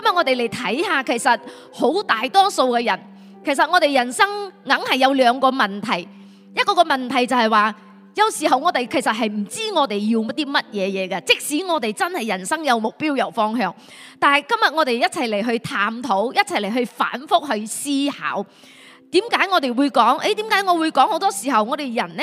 今日我哋嚟睇下，其實好大多數嘅人，其實我哋人生硬係有兩個問題。一個個問題就係話，有時候我哋其實係唔知我哋要啲乜嘢嘢嘅。即使我哋真係人生有目標、有方向，但係今日我哋一齊嚟去探討，一齊嚟去反覆去思考，點解我哋會講？誒，點解我會講？好多時候我哋人呢，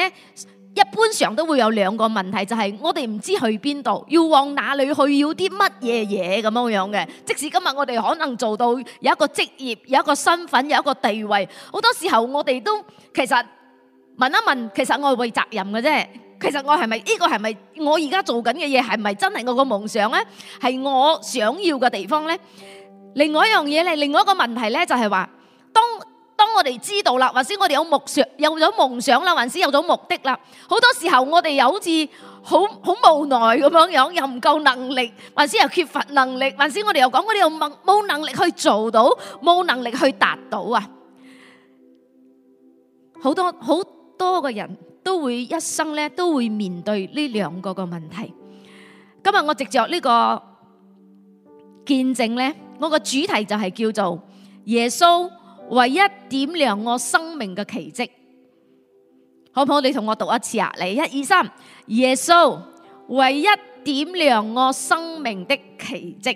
一般上都會有兩個問題，就係我哋唔知去邊度，要往哪裏去，要啲乜嘢嘢咁樣樣嘅。即使今日我哋可能做到有一個職業、有一個身份、有一個地位，好多時候我哋都其實問一問，其實我係為責任嘅啫。其實我係咪呢個係咪我而家做緊嘅嘢係咪真係我個夢想呢？係我想要嘅地方呢？另外一樣嘢咧，另外一個問題呢，就係話當當我哋知道啦，或者我哋有夢想，有咗夢想啦，或者有咗目的啦。好多時候我哋又好似好好無奈咁樣樣，又唔夠能力，或者又缺乏能力，或者我哋又講我哋又冇冇能力去做到，冇能力去達到啊！好多好多個人都會一生咧，都會面對呢兩個嘅問題。今日我藉着呢個見證咧，我個主題就係叫做耶穌。唯一點亮我生命嘅奇蹟，好唔好？你同我讀一次啊！嚟一二三，耶穌，唯一點亮我生命的奇蹟。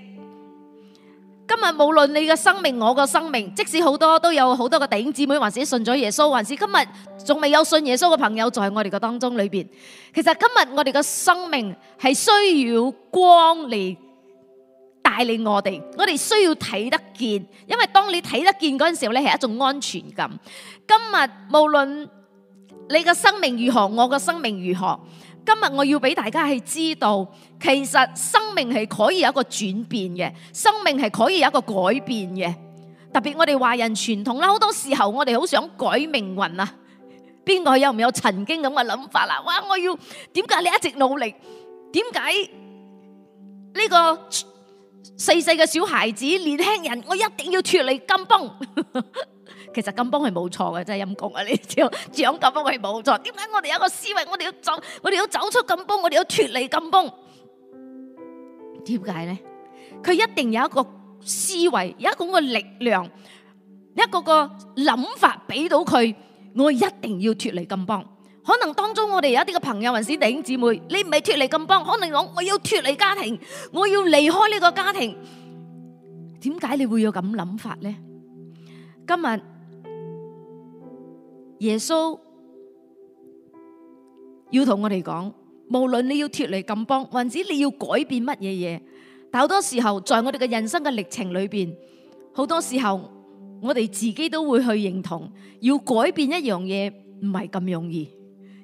今日無論你嘅生命，我嘅生命，即使好多都有好多個弟兄姊妹，還是信咗耶穌，還是今日仲未有信耶穌嘅朋友，在我哋嘅當中裏邊。其實今日我哋嘅生命係需要光嚟。帶領我哋，我哋需要睇得見，因為當你睇得見嗰陣時候咧，係一種安全感。今日無論你嘅生命如何，我嘅生命如何，今日我要俾大家去知道，其實生命係可以有一個轉變嘅，生命係可以有一個改變嘅。特別我哋華人傳統啦，好多時候我哋好想改命運啊。邊個有唔有曾經咁嘅諗法啦？哇！我要點解你一直努力？點解呢個？細細嘅小孩子、年輕人，我一定要脫離甘榜。 其實甘榜係冇錯嘅，真係陰功啊！你知長甘榜係冇錯，點解我哋有個思維，我哋要，要走，我哋要走出甘榜，我哋要脫離甘榜？點解咧？佢一定有一個思維，有一個個力量，一個個諗法俾到佢，我一定要脫離甘榜。可能當中我哋有一啲嘅朋友，或者弟兄姊妹，你唔係脫離咁幫，可能講我要脫離家庭，我要離開呢個家庭，點解你會有咁諗法咧？今日耶穌要同我哋講，無論你要脫離咁幫，或者你要改變乜嘢嘢，但好多時候在我哋嘅人生嘅歷程裏邊，好多時候我哋自己都會去認同，要改變一樣嘢唔係咁容易。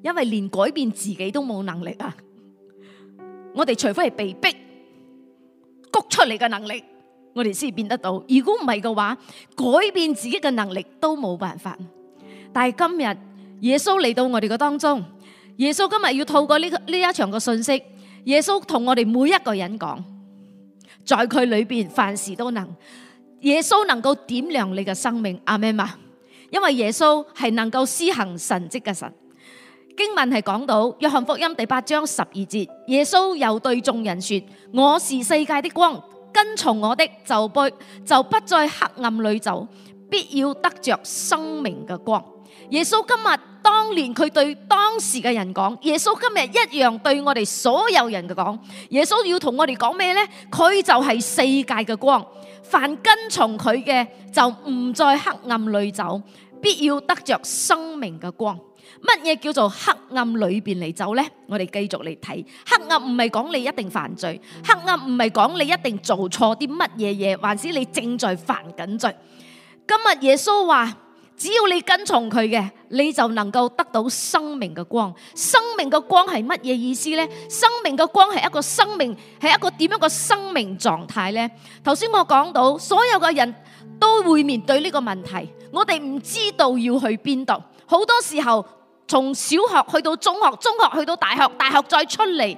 因為連改變自己都冇能力啊！我哋除非係被逼谷出嚟嘅能力，我哋先變得到。如果唔係嘅話，改變自己嘅能力都冇辦法。但係今日耶穌嚟到我哋嘅當中，耶穌今日要透過呢呢一場嘅信息，耶穌同我哋每一個人講，在佢裏面凡事都能。耶穌能夠點亮你嘅生命，阿們嘛，因為耶穌係能夠施行神蹟嘅神。經文係講到《約翰福音》第八章十二節，耶穌又對眾人說：我是世界的光，跟從我的就不就不再黑暗裡走，必要得着生命嘅光。耶穌今日當年佢對當時嘅人講，耶穌今日一樣對我哋所有人嘅講。耶穌要同我哋講咩呢？佢就係世界嘅光，凡跟從佢嘅就唔再黑暗裡走，必要得着生命嘅光。乜嘢叫做黑暗裏邊嚟走呢？我哋繼續嚟睇。黑暗唔係講你一定犯罪，黑暗唔係講你一定做錯啲乜嘢嘢，還是你正在犯緊罪。今日耶穌話，只要你跟從佢嘅，你就能夠得到生命嘅光。生命嘅光係乜嘢意思呢？生命嘅光係一個生命，係一個點樣嘅生命狀態呢。頭先我講到，所有嘅人都會面對呢個問題，我哋唔知道要去邊度，好多時候。從小學去到中學，中學去到大學，大學再出嚟。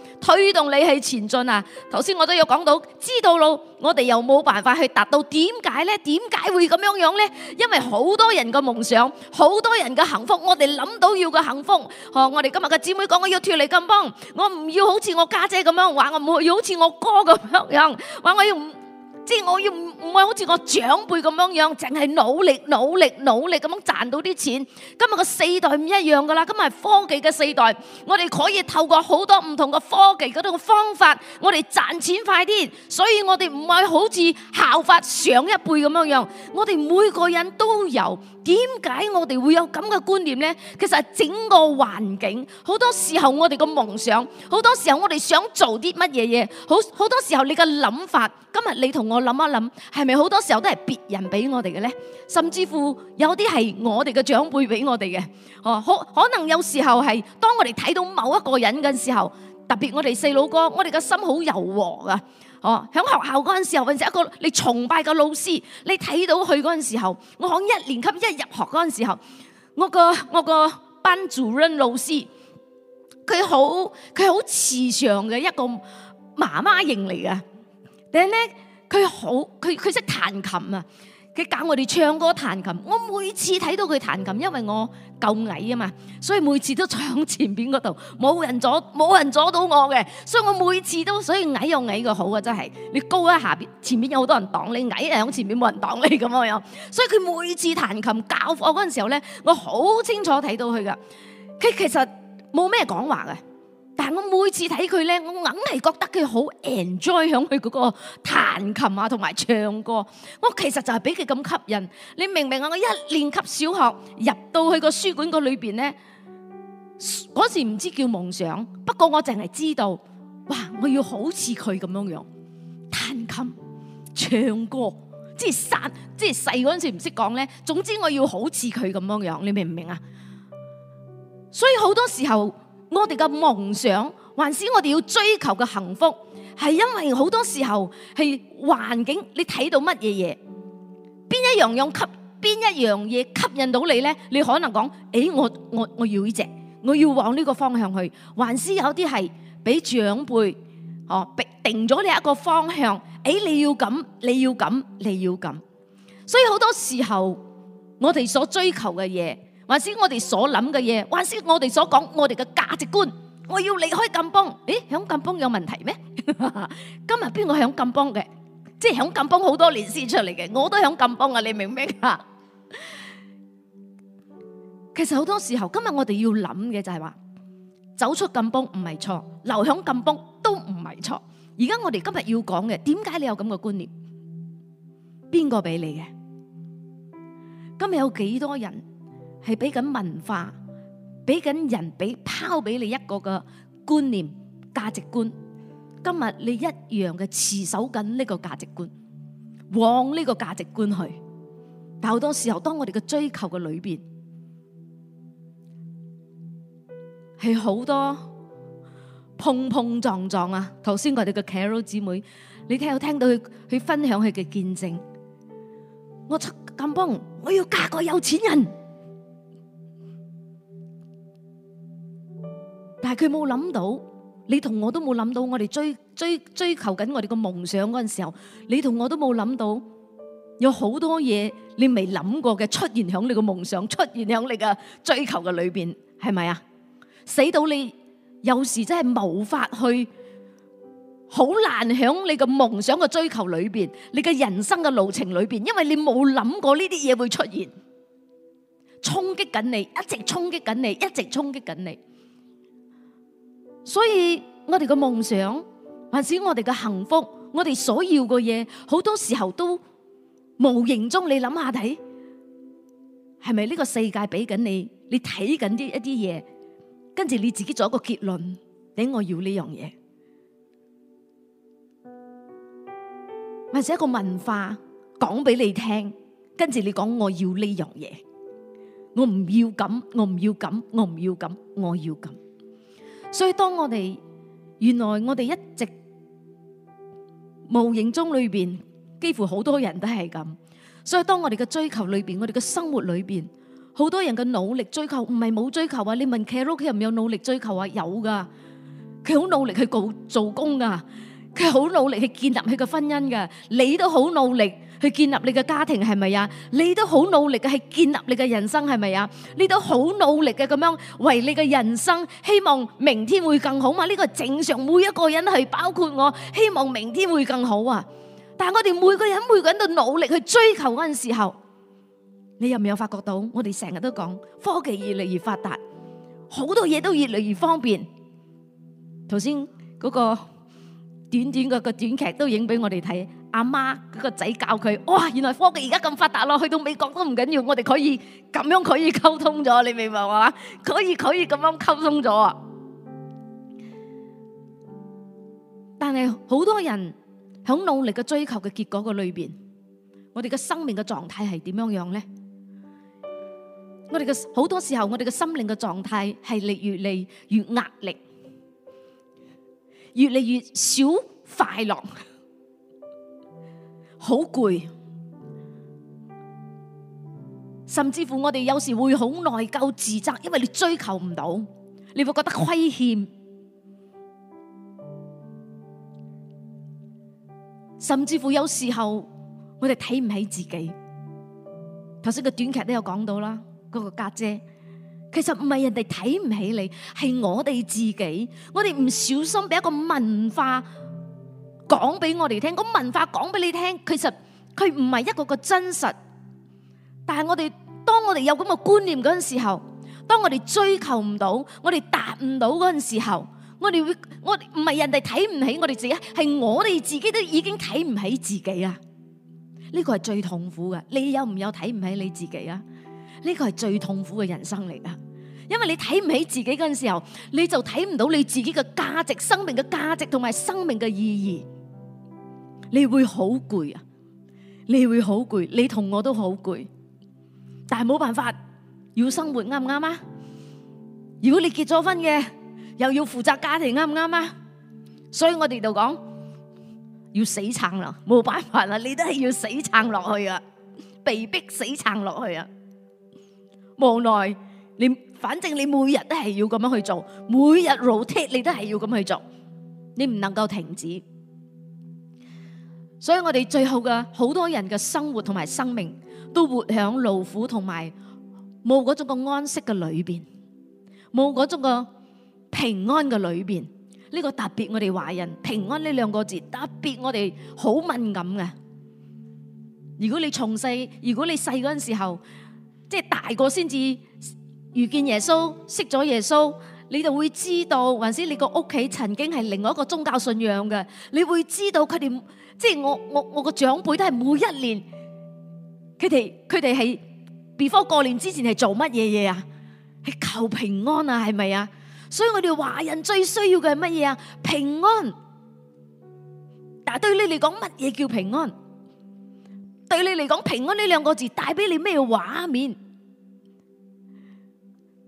推動你去前進啊！頭先我都有講到，知道路我哋又冇辦法去達到，點解咧？點解會咁樣樣咧？因為好多人嘅夢想，好多人嘅幸福，我哋諗到要嘅幸福，呵！我哋今日嘅姊妹講我要脱離金邦，我唔要好似我家姐咁樣話，我冇要好似我哥咁樣樣話，我要。啲我要唔唔係好似我長輩咁樣樣，淨係努力努力努力咁樣賺到啲錢。今日個世代唔一樣噶啦，今日係科技嘅世代，我哋可以透過好多唔同嘅科技嗰種方法，我哋賺錢快啲。所以我哋唔係好似效法上一輩咁樣樣，我哋每個人都有。點解我哋會有咁嘅觀念呢？其實整個環境，好多時候我哋嘅夢想，好多時候我哋想做啲乜嘢嘢，好好多時候你嘅諗法，今日你同我諗一諗，係咪好多時候都係別人俾我哋嘅呢？甚至乎有啲係我哋嘅長輩俾我哋嘅，哦，可可能有時候係當我哋睇到某一個人嘅時候，特別我哋細佬哥，我哋嘅心好柔和㗎。哦，響學校嗰陣時候，或者一個你崇拜嘅老師，你睇到佢嗰陣時候，我響一年級一入學嗰陣時候，我個我個班主任老師，佢好佢好慈祥嘅一個媽媽型嚟嘅，但係咧佢好佢佢識彈琴啊。佢教我哋唱歌彈琴，我每次睇到佢彈琴，因為我夠矮啊嘛，所以每次都坐喺前面嗰度，冇人阻冇人阻，冇人阻到我嘅，所以我每次都所以矮有矮嘅好啊真係，你高一下邊前面有好多人擋你，矮喺前面有擋，冇人擋你咁樣，所以佢每次彈琴教我嗰陣時候咧，我好清楚睇到佢噶，佢其實冇咩講話嘅。但係我每次睇佢咧，我硬係覺得佢好 enjoy 響佢嗰個彈琴啊，同埋唱歌。我其實就係俾佢咁吸引。你明唔明啊？我一年級小學入到去個書館個裏邊咧，嗰時唔知叫夢想，不過我淨係知道，哇！我要好似佢咁樣樣彈琴、唱歌，即係殺，即係細嗰陣時唔識講咧。總之我要好似佢咁樣樣，你明唔明啊？所以好多時候。我哋嘅夢想，還是我哋要追求嘅幸福，係因為好多時候係環境，你看到什麼東西，你睇到乜嘢嘢，邊一樣用吸，邊一樣嘢吸引到你呢？你可能講：，誒、哎，我我我要呢、這、隻、個，我要往呢個方向去。還是有啲係俾長輩，哦，定咗你一個方向，誒、哎，你要咁，你要咁，你要咁。所以好多時候，我哋所追求嘅嘢。還是我哋所諗嘅嘢，還是我哋所講，我哋嘅價值觀，我要離開金邦。誒，響金邦有問題咩？今日邊個響金邦嘅？即係響金邦好多年先出嚟嘅，我都響金邦啊！你明唔明啊？其實好多時候，今日我哋要諗嘅就係話，走出金邦唔係錯，留響金邦都唔係錯。而家我哋今日要講嘅，點解你有咁嘅觀念？邊個俾你嘅？今日有幾多人？係俾緊文化，俾緊人，俾拋俾你一個個觀念價值觀。今日你一樣嘅持守緊呢個價值觀，往呢個價值觀去。但好多時候，當我哋嘅追求嘅裏邊係好多碰碰撞撞啊。頭先我哋嘅 Carol 姊妹，你睇我聽到佢佢分享佢嘅見證，我出咁幫我要嫁個有錢人。但係佢冇諗到，你同我都冇諗到，我哋追追追求緊我哋個夢想嗰陣時候，你同我都冇諗到，有好多嘢你未諗過嘅出現喺你個夢想出現喺你嘅追求嘅裏邊，係咪啊？死到你有時真係無法去，好難喺你個夢想嘅追求裏邊，你嘅人生嘅路程裏邊，因為你冇諗過呢啲嘢會出現，衝擊緊你，一直衝擊緊你，一直衝擊緊你。所以我哋嘅夢想，或者我哋嘅幸福，我哋所要嘅嘢，好多時候都無形中你想想，你諗下睇，係咪呢個世界俾緊你？你睇緊啲一啲嘢，跟住你自己做一個結論，俾我要呢樣嘢，或者一個文化講俾你聽，跟住你講我要呢樣嘢，我唔要咁，我唔要咁，我唔要咁，我要咁。所以當我哋原來我哋一直無形中裏邊，幾乎好多人都係咁。所以當我哋嘅追求裏邊，我哋嘅生活裏邊，好多人嘅努力追求唔係冇追求啊！你問 Karl，佢有唔有努力追求啊？有噶，佢好努力去做做工噶，佢好努力去建立佢嘅婚姻噶，你都好努力。去建立你嘅家庭係咪呀？你都好努力嘅，係建立你嘅人生係咪呀？你都好努力嘅咁樣為你嘅人生，希望明天會更好嘛？呢個正常，每一個人都係包括我，希望明天會更好啊！但係我哋每個人每個人都努力去追求嗰陣時候，你有冇發覺到？我哋成日都講科技越嚟越發達，好多嘢都越嚟越方便。頭先嗰個短短嗰個短劇都影俾我哋睇。阿媽佢個仔教佢，哇！原來科技而家咁發達咯，去到美國都唔緊要，我哋可以咁樣可以溝通咗，你明白嘛？可以可以咁樣溝通咗。但係好多人響努力嘅追求嘅結果嘅裏邊，我哋嘅生命嘅狀態係點樣樣咧？我哋嘅好多時候，我哋嘅心靈嘅狀態係越嚟越壓力，越嚟越少快樂。好攰，甚至乎我哋有時會好內疚自責，因為你追求唔到，你會覺得虧欠，甚至乎有時候我哋睇唔起自己。頭先個短劇都有講到啦，嗰個家姐其實唔係人哋睇唔起你，係我哋自己，我哋唔小心俾一個文化。講俾我哋聽，咁文化講俾你聽，其實佢唔係一個個真實。但係我哋當我哋有咁嘅觀念嗰陣時候，當我哋追求唔到，我哋達唔到嗰陣時候，我哋會我唔係人哋睇唔起我哋自己，係我哋自己都已經睇唔起自己啊！呢個係最痛苦嘅。你有唔有睇唔起你自己啊？呢個係最痛苦嘅人生嚟噶。因為你睇唔起自己嗰陣時候，你就睇唔到你自己嘅價值、生命嘅價值同埋生命嘅意義。你會好攰啊！你會好攰，你同我都好攰，但係冇辦法要生活，啱唔啱啊？如果你結咗婚嘅，又要負責家庭，啱唔啱啊？所以我哋就講要死撐啦，冇辦法啦，你都係要死撐落去啊，被逼死撐落去啊！無奈你，反正你每日都係要咁樣去做，每日 routine 你都係要咁去做，你唔能夠停止。所以我哋最後嘅好多人嘅生活同埋生命，都活喺勞苦同埋冇嗰種嘅安息嘅裏邊，冇嗰種嘅平安嘅裏邊。呢個特別我哋華人平安呢兩個字特別我哋好敏感嘅。如果你從細，如果你細嗰陣時候，即係大個先至遇見耶穌，識咗耶穌，你就會知道，或者你個屋企曾經係另外一個宗教信仰嘅，你會知道佢哋。即係我我我個長輩都係每一年，佢哋佢哋係 before 過年之前係做乜嘢嘢啊？係求平安啊，係咪啊？所以我哋華人最需要嘅係乜嘢啊？平安。但對你嚟講，乜嘢叫平安？對你嚟講，平安呢兩個字帶俾你咩畫面？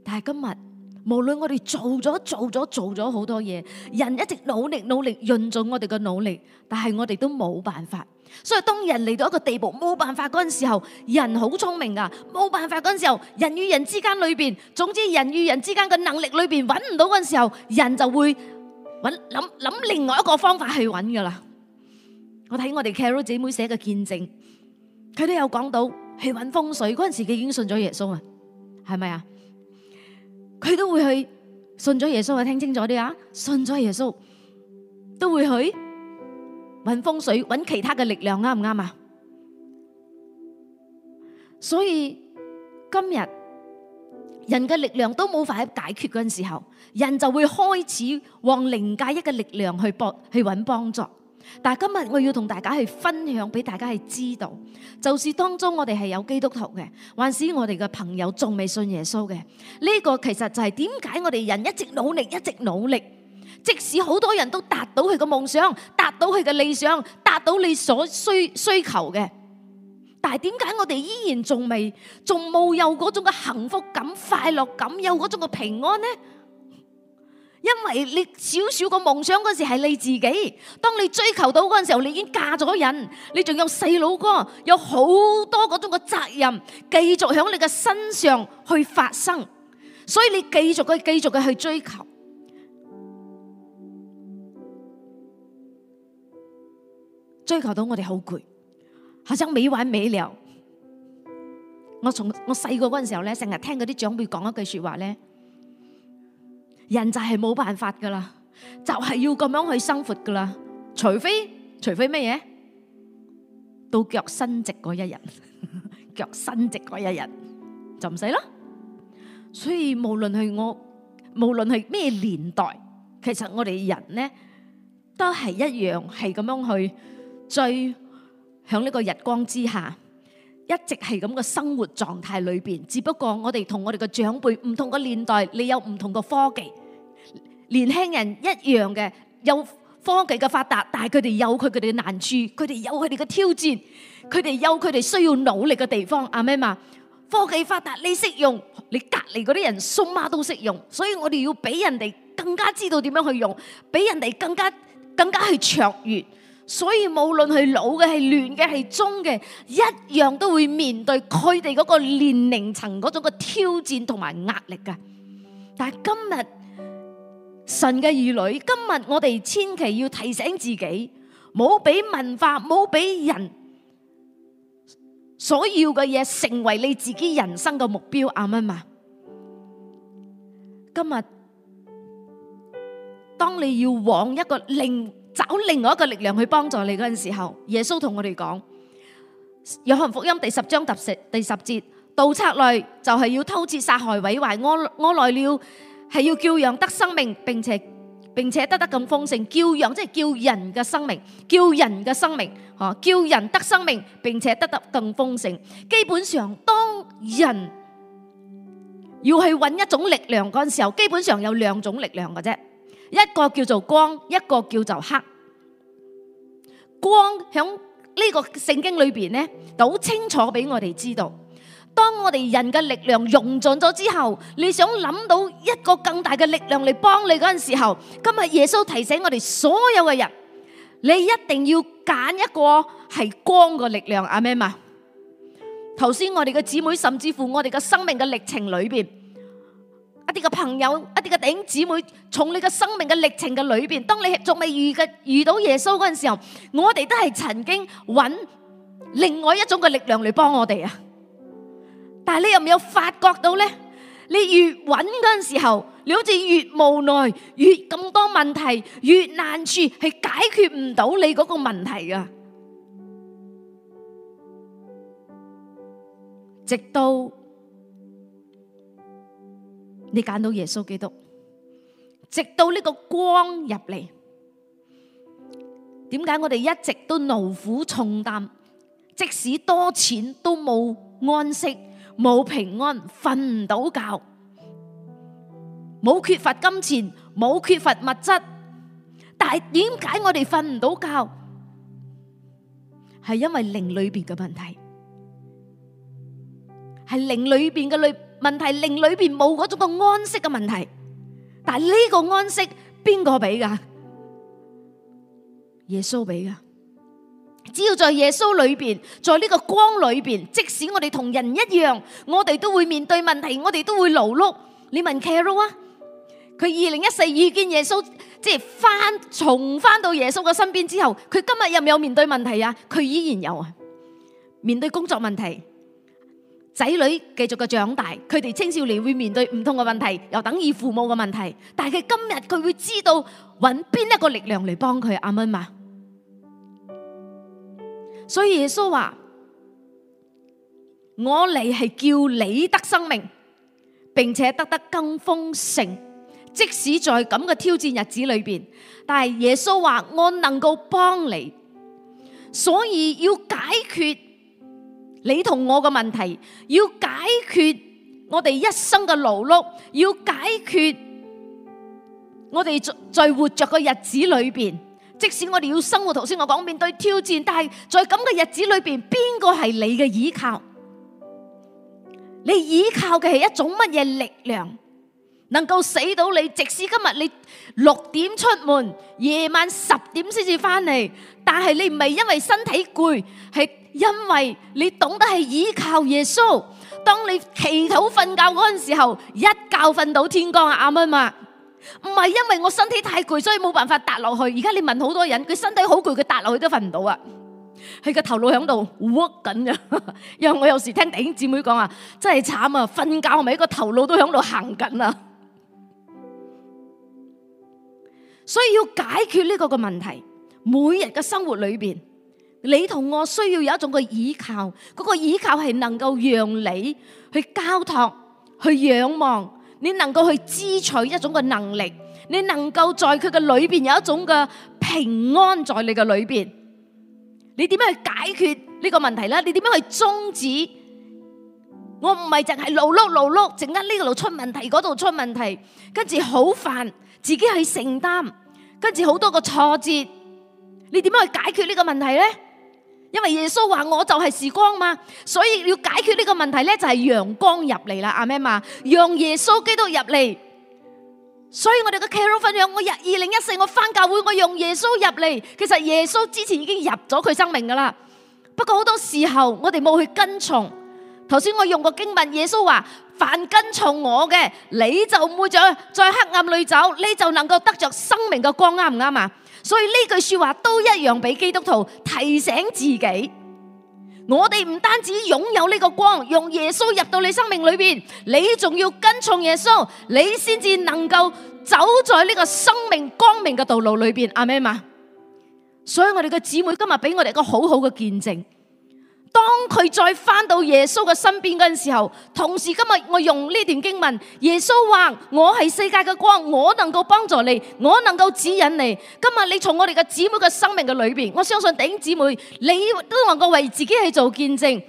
但係今日。無論我哋做咗做咗做咗好多嘢，人一直努力努力潤盡我哋嘅努力，但係我哋都冇辦法。所以當人嚟到一個地步冇辦法嗰陣時候，人好聰明㗎。冇辦法嗰陣時候，人與人之間裏邊，總之人與人之間嘅能力裏邊揾唔到嗰陣時候，人就會揾諗諗另外一個方法去揾噶啦。我睇我哋 Carol 姐妹寫嘅見證，佢都有講到去揾風水嗰陣時，佢已經信咗耶穌啊，係咪啊？佢都會去信咗耶穌，我聽清楚啲啊！信咗耶穌都會去揾風水、揾其他嘅力量。啱唔啱啊？所以今日人嘅力量都冇法去解決嗰陣時候，人就會開始往靈界一嘅力量去搏去揾幫助。但係今日我要同大家去分享俾大家去知道，就是當中我哋係有基督徒嘅，還是我哋嘅朋友仲未信耶穌嘅？呢個其實就係點解我哋人一直努力，一直努力，即使好多人都達到佢嘅夢想，達到佢嘅理想，達到你所需需求嘅，但係點解我哋依然仲未，仲冇有嗰種嘅幸福感、快樂感，有嗰種嘅平安呢？因為你少少個夢想嗰時係你自己，當你追求到嗰陣時候，你已經嫁咗人，你仲有細佬哥，有好多嗰種嘅責任繼續響你嘅身上去發生，所以你繼續去繼續嘅去追求，追求到我哋好攰，好似沒完沒了。我從我細個嗰陣時候咧，成日聽嗰啲長輩講一句說話咧。人就係冇辦法噶啦，就係要咁樣去生活噶啦。除非除非咩嘢？到腳伸直嗰一日，腳伸直嗰一日就唔使囉。所以無論係我，無論係咩年代，其實我哋人呢都係一樣，係咁樣去，最響呢個日光之下，一直係咁個生活狀態裏邊。只不過我哋同我哋嘅長輩唔同個年代，你有唔同個科技。年輕人一樣嘅，有科技嘅發達，但係佢哋有佢佢哋嘅難處，佢哋有佢哋嘅挑戰，佢哋有佢哋需要努力嘅地方。阿咩嘛，科技發達你識用，你隔籬嗰啲人松媽都識用，所以我哋要俾人哋更加知道點樣去用，俾人哋更加更加去卓越。所以無論係老嘅、係嫩嘅、係中嘅，一樣都會面對佢哋嗰個年齡層嗰種嘅挑戰同埋壓力噶。但係今日。神嘅兒女，今日我哋千祈要提醒自己，冇俾文化，冇俾人所要嘅嘢成為你自己人生嘅目標啊！啱唔啱呀？今日當你要往一個另找另外一個力量去幫助你嗰陣時候，耶穌同我哋講《約翰福音》第十章第十節：盜賊來就係要偷竊、殺害、毀壞。我我來了。係要叫羊得生命，並且並且得得咁豐盛。叫羊即係叫人嘅生命，叫人嘅生命，嗬！叫人得生命，並且得得更豐盛。基本上，當人要去揾一種力量嗰陣時候，基本上有兩種力量嘅啫，一個叫做光，一個叫做黑。光響呢個聖經裏邊呢，都清楚俾我哋知道。當我哋人嘅力量用盡咗之後，你想諗到一個更大嘅力量嚟幫你嗰陣時候，今日耶穌提醒我哋所有嘅人，你一定要揀一個係光嘅力量。阿們啊！頭先我哋嘅姊妹，甚至乎我哋嘅生命嘅歷程裏邊，一啲嘅朋友，一啲嘅弟兄姊妹，從你嘅生命嘅歷程嘅裏邊，當你仲未遇嘅遇到耶穌嗰陣時候，我哋都係曾經揾另外一種嘅力量嚟幫我哋啊！但係你又唔有發覺到咧？你越揾嗰陣時候，你好似越無奈，越咁多問題，越難處係解決唔到你嗰個問題啊！直到你揀到耶穌基督，直到呢個光入嚟，點解我哋一直都勞苦重擔，即使多錢都冇安息？冇平安，瞓唔到覺，冇缺乏金錢，冇缺乏物質，但係點解我哋瞓唔到覺？係因為靈裏邊嘅問題，係靈裏邊嘅問題，靈裏邊冇嗰種個安息嘅問題。但係呢個安息，邊個俾噶？耶穌俾噶。只要在耶穌裏邊，在呢個光裏邊，即使我哋同人一樣，我哋都會面對問題，我哋都會勞碌。你問 Carol 啊，佢二零一四遇見耶穌，即係返重返到耶穌嘅身邊之後，佢今日有唔有面對問題啊？佢依然有啊，面對工作問題，仔女繼續嘅長大，佢哋青少年會面對唔同嘅問題，又等於父母嘅問題。但係佢今日佢會知道揾邊一個力量嚟幫佢，阿媽。所以耶穌話：我嚟，係叫你得生命，並且得得更豐盛。即使在咁嘅挑戰日子裏邊，但係耶穌話我能夠幫你，所以要解決你同我嘅問題，要解決我哋一生嘅勞碌，要解決我哋在在活着嘅日子裏邊。即使我哋要生活，頭先我講面對挑戰，但係在咁嘅日子裏邊，邊個係你嘅倚靠？你倚靠嘅係一種乜嘢力量，能夠使到你？即使今日你六點出門，夜晚十點先至翻嚟，但係你唔係因為身體攰，係因為你懂得係倚靠耶穌。當你祈禱瞓覺嗰陣時候，一覺瞓到天光啊，啱唔啱？唔係因為我身體太攰，所以冇辦法搭落去。而家你問好多人，佢身體好攰，佢搭落去都瞓唔到啊！佢個頭腦喺度喐緊啊。因為我有時聽弟兄姊妹講啊，真係慘啊！瞓覺咪一個頭腦都喺度行緊啊！所以要解決呢個個問題，每日嘅生活裏邊，你同我需要有一種嘅倚靠，嗰個倚靠係能夠讓你去交託、去仰望。你能夠去支取一種嘅能力，你能夠在佢嘅裏邊有一種嘅平安在你嘅裏邊。你點樣去解決呢個問題呢？你點樣去終止？我不是只是路路路路？我唔係淨係勞碌勞碌，淨係個呢度出問題，嗰度出問題，跟住好煩，自己去承擔，跟住好多個挫折，你點樣去解決呢個問題咧？因為耶穌話我就係時光嘛，所以要解決呢個問題呢，就係陽光入嚟啦，阿媽嘛，讓耶穌基督入嚟。所以我哋嘅祈禱分享，我日二零一四我翻教會，我用耶穌入嚟。其實耶穌之前已經入咗佢生命噶啦，不過好多時候我哋冇去跟從。頭先我用過經文，耶穌話：凡跟從我嘅，你就唔會再在黑暗裏走，你就能夠得着生命嘅光，啱唔啱啊？所以呢句說話都一樣，俾基督徒提醒自己，我哋唔單止擁有呢個光，用耶穌入到你生命裏邊，你仲要跟從耶穌，你先至能夠走在呢個生命光明嘅道路裏邊。阿們嘛，所以我哋嘅姊妹今日俾我哋一個好好嘅見證。當佢再翻到耶穌嘅身邊嗰陣時候，同時今日我用呢段經文，耶穌話我係世界嘅光，我能夠幫助你，我能夠指引你。今日你從我哋嘅姊妹嘅生命嘅裏邊，我相信弟兄姊妹你都能夠為自己去做見證。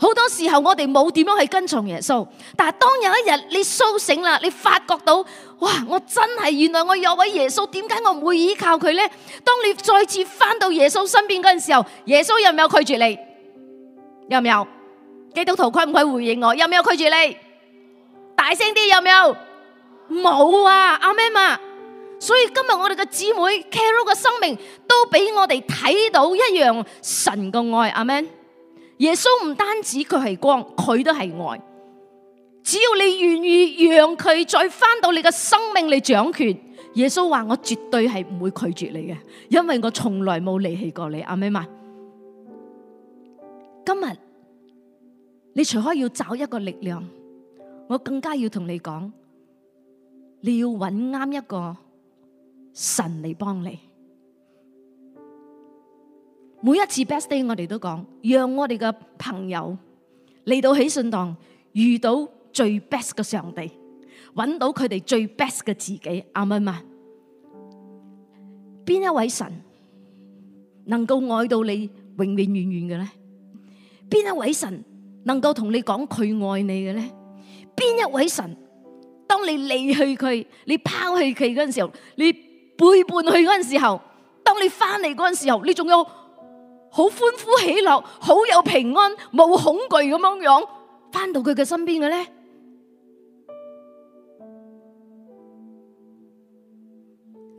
好多時候我哋冇點樣去跟從耶穌，但係當有一日你蘇醒啦，你發覺到哇，我真係原來我有位耶穌，點解我唔會依靠佢呢？當你再次翻到耶穌身邊嗰陣時候，耶穌有冇拒絕你？有唔有基督徒佢唔會回應我？有唔有拒絕你？大聲啲！有唔有？冇啊！阿們啊。所以今日我哋嘅姊妹 Carol 嘅生命都俾我哋睇到一樣神嘅愛，阿們。耶穌唔單止佢係光，佢都係愛。只要你願意讓佢再翻到你嘅生命嚟掌權，耶穌話我絕對係唔會拒絕你嘅，因為我從來冇離棄過你，阿們啊。今日你除開要找一個力量，我更加要同你講，你要揾啱一個神嚟幫你。每一次 best day，我哋都講，讓我哋嘅朋友嚟到喜信堂，遇到最 best 嘅上帝，揾到佢哋最 best 嘅自己，啱唔啱？邊一位神能夠愛到你永永遠遠嘅呢？邊一位神能夠同你講佢愛你嘅咧？邊一位神當你離去佢，你拋棄佢嗰陣時候，你背叛佢嗰陣時候，當你翻嚟嗰陣時候，你仲有好歡呼喜樂，好有平安，冇恐懼咁樣樣翻到佢嘅身邊嘅咧？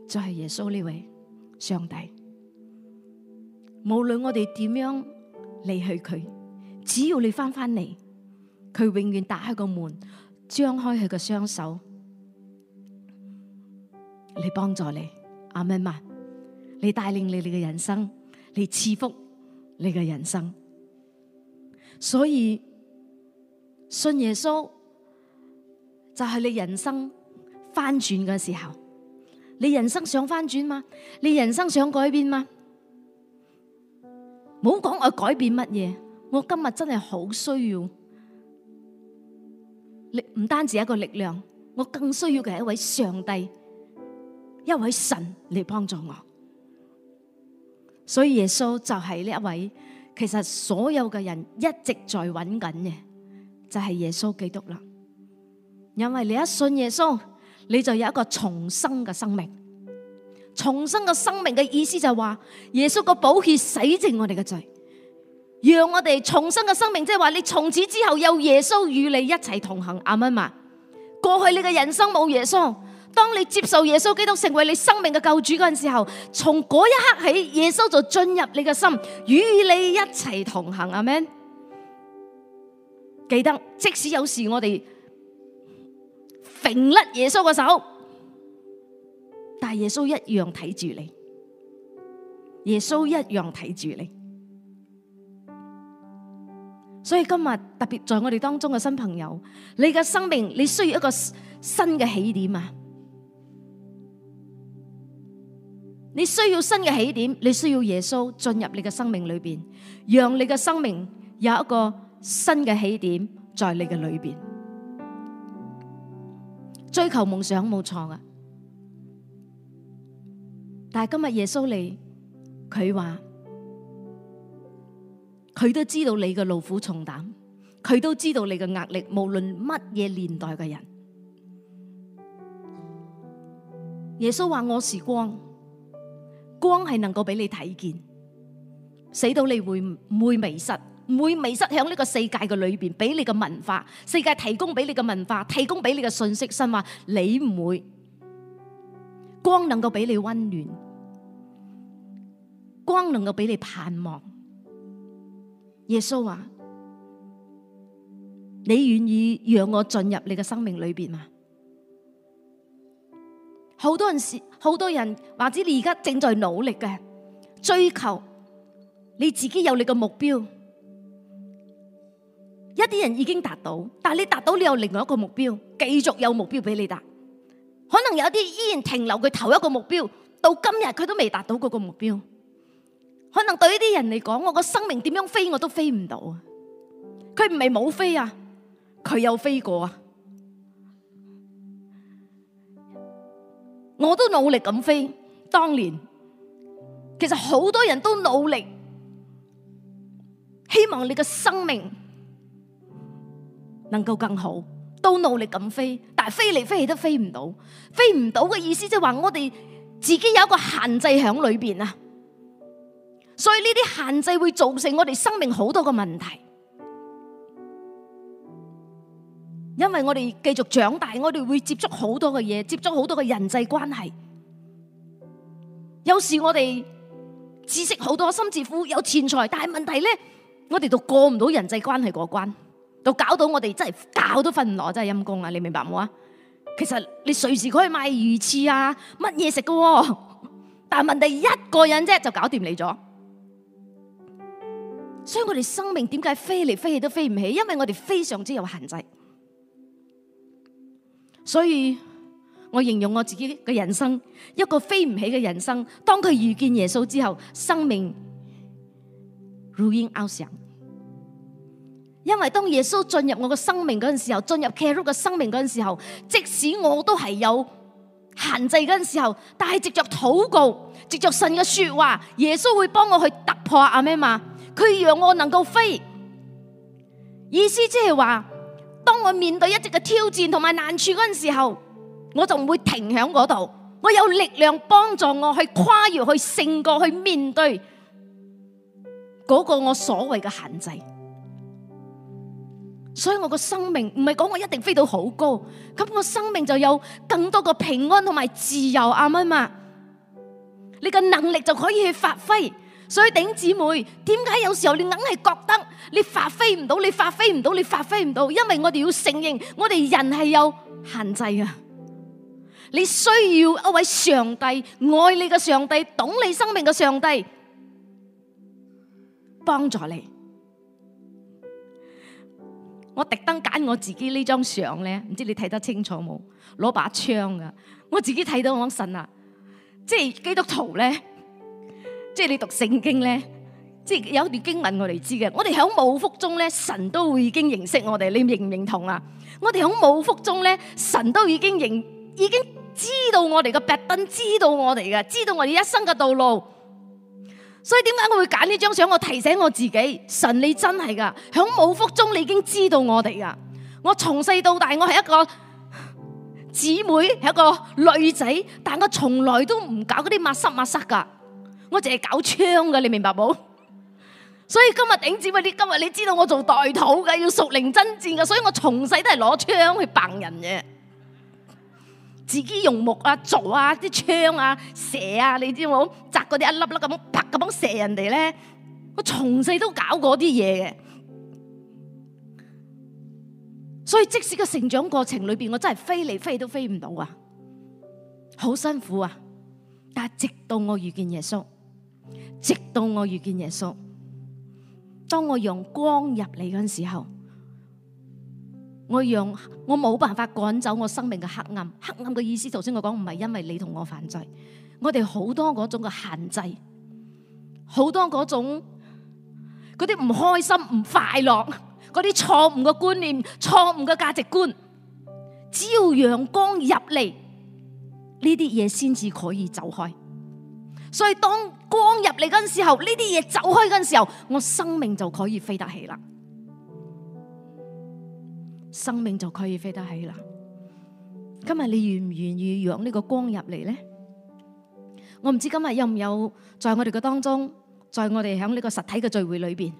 就係耶穌呢位上帝，無論我哋點樣離去佢。只要你翻返嚟，佢永遠打開個門，張開佢個雙手，你幫助你，阿們嗎，你帶領你哋嘅人生，你賜福你嘅人生。所以信耶穌就係你人生翻轉嘅時候。你人生想翻轉嗎？你人生想改變嗎？唔好講我改變乜嘢。我今日真係好需要力，唔單止一個力量，我更需要嘅係一位上帝，一位神嚟幫助我。所以耶穌就係呢一位，其實所有嘅人一直在揾緊嘅，就係耶穌基督啦。因為你一信耶穌，你就有一個重生嘅生命。重生嘅生命嘅意思就係話，耶穌個寶血洗淨我哋嘅罪。讓我哋重生嘅生命，即係話你從此之後有耶穌與你一齊同行。阿媽，過去你嘅人生冇耶穌，當你接受耶穌基督成為你生命嘅救主嗰陣時候，從嗰一刻起，耶穌就進入你嘅心，與你一齊同行。阿媽，記得即使有時，我哋揈甩耶穌嘅手，但耶穌一樣睇住你，耶穌一樣睇住你。所以今日特別在我哋當中嘅新朋友，你嘅生命你需要一個新嘅起點啊！你需要新嘅起點，你需要耶穌進入你嘅生命裏邊，讓你嘅生命有一個新嘅起點在你嘅裏邊。追求夢想冇錯嘅，但係今日耶穌嚟，佢話。佢都知道你嘅勞苦重擔，佢都知道你嘅壓力。無論乜嘢年代嘅人，耶穌話：我是光，光係能夠俾你睇見，死到你會唔會迷失？唔會迷失響呢個世界嘅裏邊，俾你嘅文化世界提供俾你嘅文化，提供俾你嘅信息，身話你唔會。光能夠俾你溫暖，光能夠俾你盼望。耶穌話：你願意讓我進入你嘅生命裏邊嗎？好多人好多人，或者你而家正在努力嘅追求，你自己有你的目標。一啲人已經達到，但你達到你有另外一個目標，繼續有目標俾你達。可能有啲依然停留佢頭一個目標，到今日佢都未達到嗰個目標。可能對呢啲人嚟講，我個生命點樣飛我都飛唔到啊。佢唔係冇飛啊，佢有飛過啊。我都努力咁飛，當年其實好多人都努力，希望你個生命能夠更好，都努力咁飛，但係飛嚟飛去都飛唔到。飛唔到嘅意思即係話我哋自己有一個限制喺裏邊啊。所以呢啲限制會造成我哋生命好多嘅問題，因為我哋繼續長大，我哋會接觸好多嘅嘢，接觸好多嘅人際關係。有時我哋知識好多，甚至乎有錢財，但係問題咧，我哋都過唔到人際關係嗰關，就搞到我哋真係搞都瞓唔落，真係陰公啊！你明白冇啊？其實你隨時可以買魚翅啊，乜嘢食噶，但係問題一個人啫，就搞掂你咗。所以我哋生命點解飛嚟飛去都飛唔起？因為我哋非常之有限制。所以我形容我自己嘅人生一個飛唔起嘅人生。當佢遇見耶穌之後，生命如鷹翱翔。因為當耶穌進入我嘅生命嗰陣時候，進入卡洛嘅生命嗰陣時候，即使我都係有限制嗰陣時候，但係藉着禱告、藉着神嘅說話，耶穌會幫我去突破阿咩嘛。Amen? 佢讓我能夠飛，意思即係話，當我面對一直嘅挑戰同埋難處嗰陣時候，我就唔會停響嗰度，我有力量幫助我去跨越，去勝過，去面對嗰，嗰個我所謂嘅限制。所以我個生命唔係講我一定飛到好高，咁我生命就有更多嘅平安同埋自由啊！啱嘛，你嘅能力就可以去發揮。所以頂姊妹，點解有時候你硬係覺得你發揮唔到，你發揮唔到，你發揮唔到？因為我哋要承認，我哋人係有限制嘅。你需要一位上帝愛你嘅上帝，懂你生命嘅上帝幫助你。我特登揀我自己呢張相咧，唔知你睇得清楚冇？攞把槍嘅，我自己睇到我神啦，即係基督徒咧。即係你讀聖經咧，即係有一段經文我哋知嘅。我哋響母腹中咧，神都會已經認識我哋，你認唔認同啊？我哋響母腹中咧，神都已經認，已經知道我哋嘅伯登，知道我哋嘅，知道我哋一生嘅道路。所以點解我會揀呢張相？我提醒我自己，神你真係噶，響母腹中你已經知道我哋噶。我從細到大，我係一個姊妹，係一個女仔，但我從來都唔搞嗰啲抹塞抹塞噶。我淨係搞槍嘅，你明白冇？所以今日頂住咪你，今日你知道我做代討嘅，要熟靈真戰嘅，所以我從細都係攞槍去棒人嘅，自己用木啊、鑿啊、啲槍啊、射啊，你知冇？扎嗰啲一粒粒咁，啪咁樣射人哋咧，我從細都搞嗰啲嘢嘅。所以即使個成長過程裏邊，我真係飛嚟飛都飛唔到啊，好辛苦啊！但係直到我遇見耶穌。直到我遇見耶穌，當我讓光入嚟嗰陣時候，我讓我冇辦法趕走我生命嘅黑暗。黑暗嘅意思，頭先我講唔係因為你同我犯罪，我哋好多嗰種嘅限制，好多嗰種嗰啲唔開心、唔快樂，嗰啲錯誤嘅觀念、錯誤嘅價值觀，只要陽光入嚟，呢啲嘢先至可以走開。所以當光入嚟嗰陣時候，呢啲嘢走開嗰陣時候，我生命就可以飛得起啦，生命就可以飛得起啦。今日你願唔願意讓呢個光入嚟咧？我唔知今日有唔有在我哋嘅當中，在我哋喺呢個實體嘅聚會裏邊。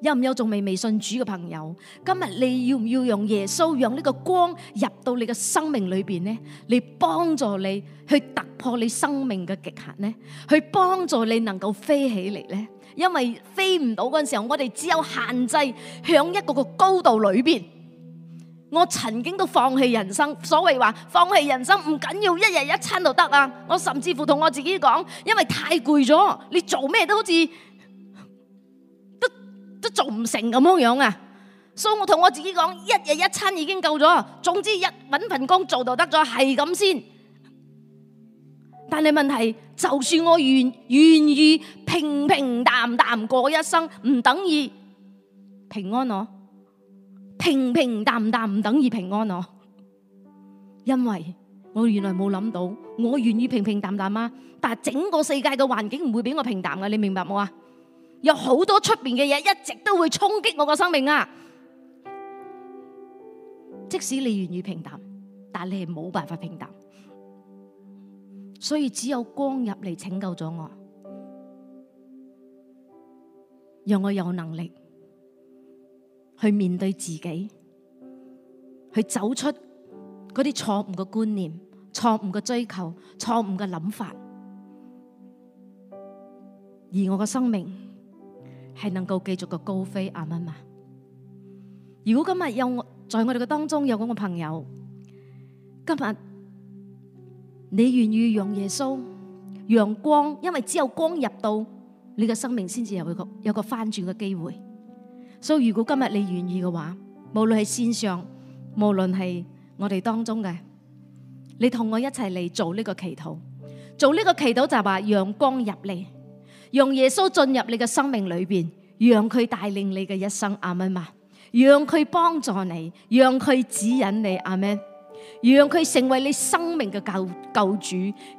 有唔有仲未信主嘅朋友？今日你要唔要用耶穌讓呢個光入到你嘅生命裏邊呢？嚟幫助你去突破你生命嘅極限呢？去幫助你能夠飛起嚟呢？因為飛唔到嗰陣時候，我哋只有限制響一個個高度裏邊。我曾經都放棄人生，所謂話放棄人生唔緊要，一日一餐就得啊！我甚至乎同我自己講，因為太攰咗，你做咩都好似。都做唔成咁樣樣啊！所以我同我自己講，一日一餐已經夠咗，總之一揾份工做就得咗係咁先。但係問題，就算我願願意平平淡淡過一生，唔等於平安囉。平平淡淡唔等於平安囉，因為我原來冇諗到，我願意平平淡淡嗎？但係整個世界嘅環境唔會俾我平淡嘅，你明白冇啊？有好多出邊嘅嘢一直都會衝擊我個生命啊！即使你願意平淡，但你係冇辦法平淡，所以只有光入嚟拯救咗我，讓我有能力去面對自己，去走出嗰啲錯誤嘅觀念、錯誤嘅追求、錯誤嘅諗法，而我個生命。係能夠繼續個高飛啱唔啱嘛？如果今日有我，在我哋嘅當中有咁嘅朋友，今日你願意讓耶穌陽光，因為只有光入到你嘅生命，先至有個有個翻轉嘅機會。所以如果今日你願意嘅話，無論係線上，無論係我哋當中嘅，你同我一齊嚟做呢個祈禱，做呢個祈禱就係話陽光入嚟。讓耶穌進入你嘅生命裏邊，讓佢帶領你嘅一生，阿們嘛，讓佢幫助你，讓佢指引你，阿們。讓佢成為你生命嘅救救主。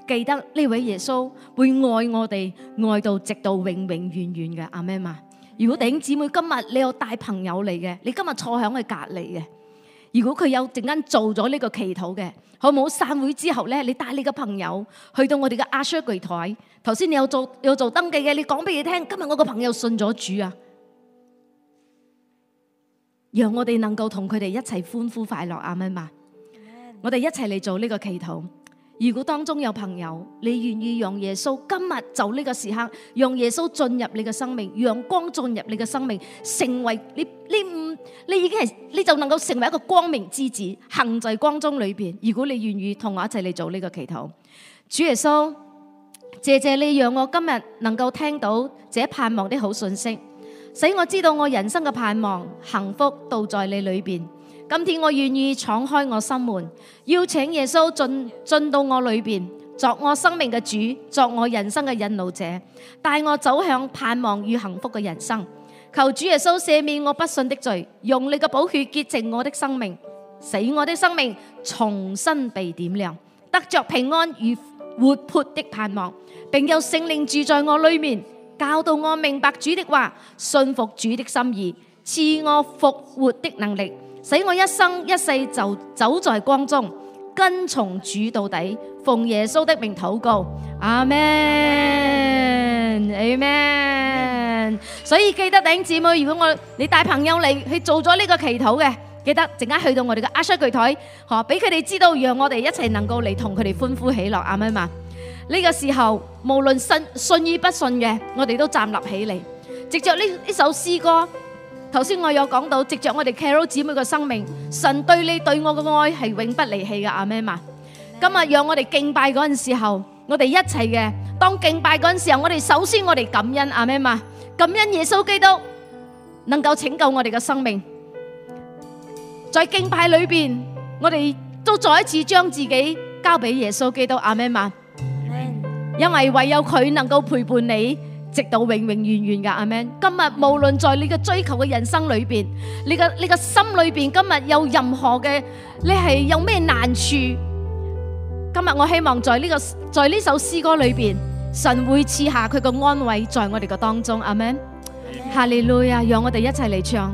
記得呢位耶穌會愛我哋，愛到直到永永遠遠嘅，阿們嘛。如果弟兄姊妹今日你有帶朋友嚟嘅，你今日坐喺我隔籬嘅。如果佢有陣間做咗呢個祈禱嘅，好唔好？散會之後咧，你帶你個朋友去到我哋嘅阿叔櫃檯。頭先你有做有做登記嘅，你講俾佢聽，今日我個朋友信咗主啊！讓我哋能夠同佢哋一齊歡呼快樂啊！咪咪，我哋一齊嚟做呢個祈禱。如果當中有朋友，你願意讓耶穌今日就呢個時刻，讓耶穌進入你嘅生命，讓光進入你嘅生命，成為你呢你，你已經係你就能夠成為一個光明之子，行在光中裏邊。如果你願意同我一齊嚟做呢個祈禱，主耶穌，謝謝你讓我今日能夠聽到這盼望的好訊息，使我知道我人生嘅盼望、幸福都在你裏邊。今天我願意敞開我心門，邀請耶穌進進到我裏面，作我生命嘅主，作我人生嘅引路者，帶我走向盼望與幸福嘅人生。求主耶穌赦免我不信的罪，用你嘅寶血潔淨我的生命，使我的生命重新被點亮，得着平安與活潑的盼望，並有聖靈住在我裏面，教導我明白主的話，信服主的心意，賜我復活的能力。使我一生一世就走在光中，跟從主到底，奉耶穌的名禱告，阿門，阿門。所以記得弟兄姊妹，如果我你帶朋友嚟去做咗呢個祈禱嘅，記得陣間去到我哋嘅阿叔櫃台，嗬，俾佢哋知道，讓我哋一齊能夠嚟同佢哋歡呼喜樂，阿門嘛。呢個時候，無論信信與不信嘅，我哋都站立起嚟，藉着呢呢首詩歌。頭先我有講到，藉着我哋 Carol 姊妹嘅生命，神對你對我嘅愛係永不離棄嘅，阿們。今日讓我哋敬拜嗰陣時候，我哋一齊嘅。當敬拜嗰陣時候，我哋首先我哋感恩，阿們，感恩耶穌基督能夠拯救我哋嘅生命。在敬拜裏邊，我哋都再一次將自己交俾耶穌基督，阿們。因為唯有佢能夠陪伴你。直到永永遠遠噶，阿 Man，今日無論在你嘅追求嘅人生裏邊，你嘅你嘅心裏邊，今日有任何嘅，你係有咩難處？今日我希望在呢個在呢首詩歌裏邊，神會賜下佢個安慰，在我哋嘅當中，阿 Man，哈利路亞，讓 Amen 我哋一齊嚟唱。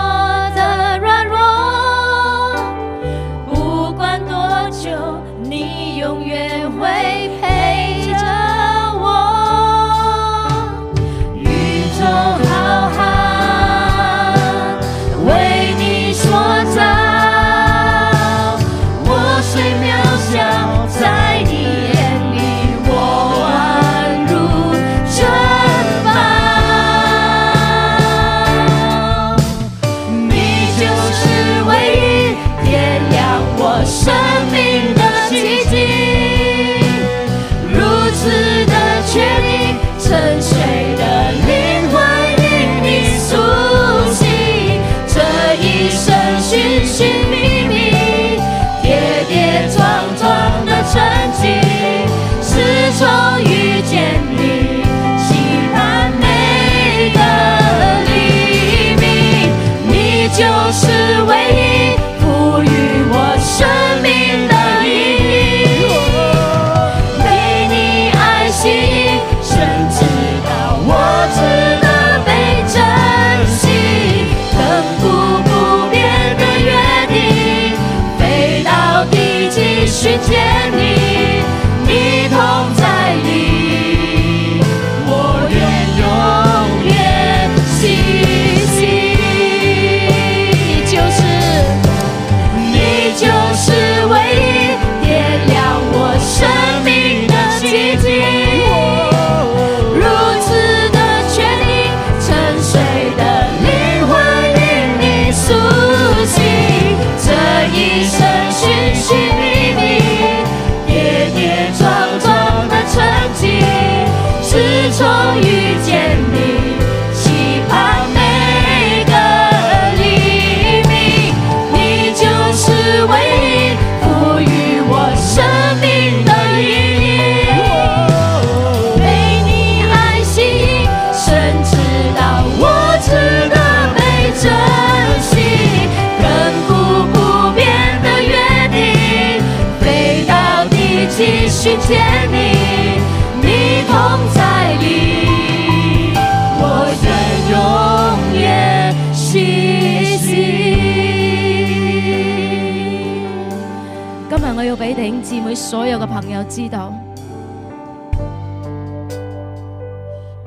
弟兄姊妹，所有嘅朋友知道，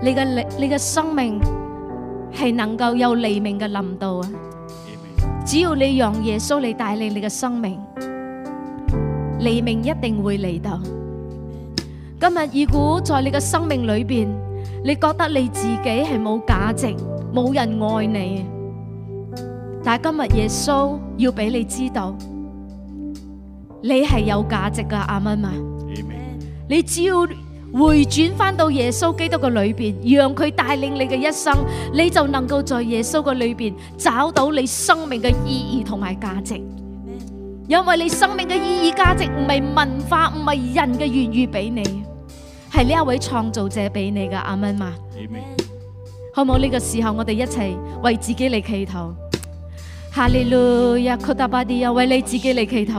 你嘅你嘅生命係能夠有黎明嘅臨到啊！只要你讓耶穌嚟帶領你嘅生命，黎明一定會嚟到。今日如果在你嘅生命裏邊，你覺得你自己係冇價值、冇人愛你，但係今日耶穌要俾你知道。你係有價值噶，阿 min 嘛？你只要回轉翻到耶穌基督嘅裏邊，讓佢帶領你嘅一生，你就能夠在耶穌嘅裏邊找到你生命嘅意義同埋價值。Amen. 因為你生命嘅意義價值唔係文化，唔係人嘅言語俾你，係呢一位創造者俾你嘅，阿 min 嘛？Amen. 好冇呢、呢個時候，我哋一齊為自己嚟祈禱。哈利路亞，科達巴迪亞，為你自己嚟祈禱。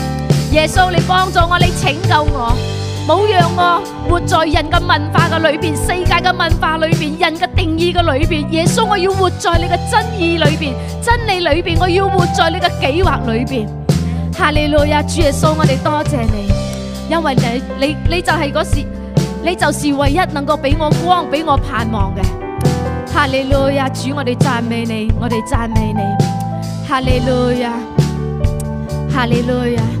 耶穌，你幫助我，你拯救我，唔好讓我活在人嘅文化嘅裏邊，世界嘅文化裏邊，人嘅定義嘅裏邊。耶穌，我要活在你嘅真意裏邊，真理裏邊，我要活在你嘅計劃裏邊。哈利路亞，主耶穌，我哋多謝你，因為你你你就係嗰時，你就是唯一能夠俾我光，俾我盼望嘅。哈利路亞，主，我哋讚美你，我哋讚美你。哈利路亞，哈利路亞。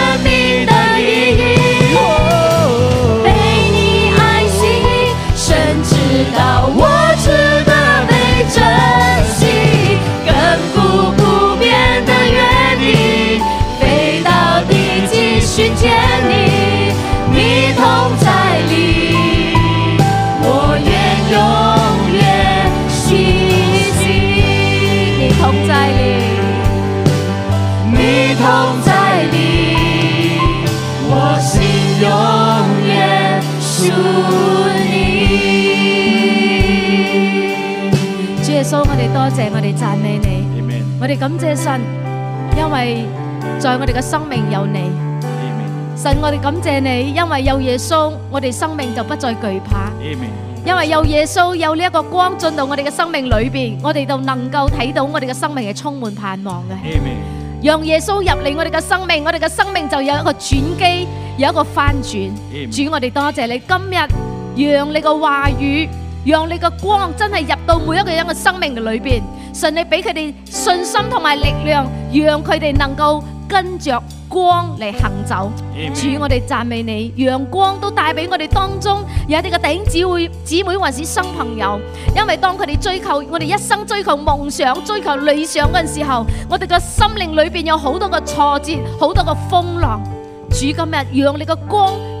我哋多謝我哋讚美你，我哋感謝神，因為在我哋嘅生命有你。神，我哋感謝你，因為有耶穌，我哋生命就不再懼怕。因為有耶穌，有呢一個光進到我哋嘅生命裏邊，我哋就能夠睇到我哋嘅生命係充滿盼望嘅。讓耶穌入嚟我哋嘅生命，我哋嘅生命就有一個轉機，有一個翻轉。主，我哋多謝你，今日讓你嘅話語。讓你嘅光真係入到每一個人嘅生命嘅裏邊，神，你俾佢哋信心同埋力量，讓佢哋能夠跟着光嚟行走。主，我哋讚美你，陽光都帶俾我哋當中有啲嘅頂子會姊妹還是新朋友，因為當佢哋追求我哋一生追求夢想、追求理想嗰陣時候，我哋嘅心靈裏邊有好多嘅挫折，好多嘅風浪。主，今日讓你嘅光。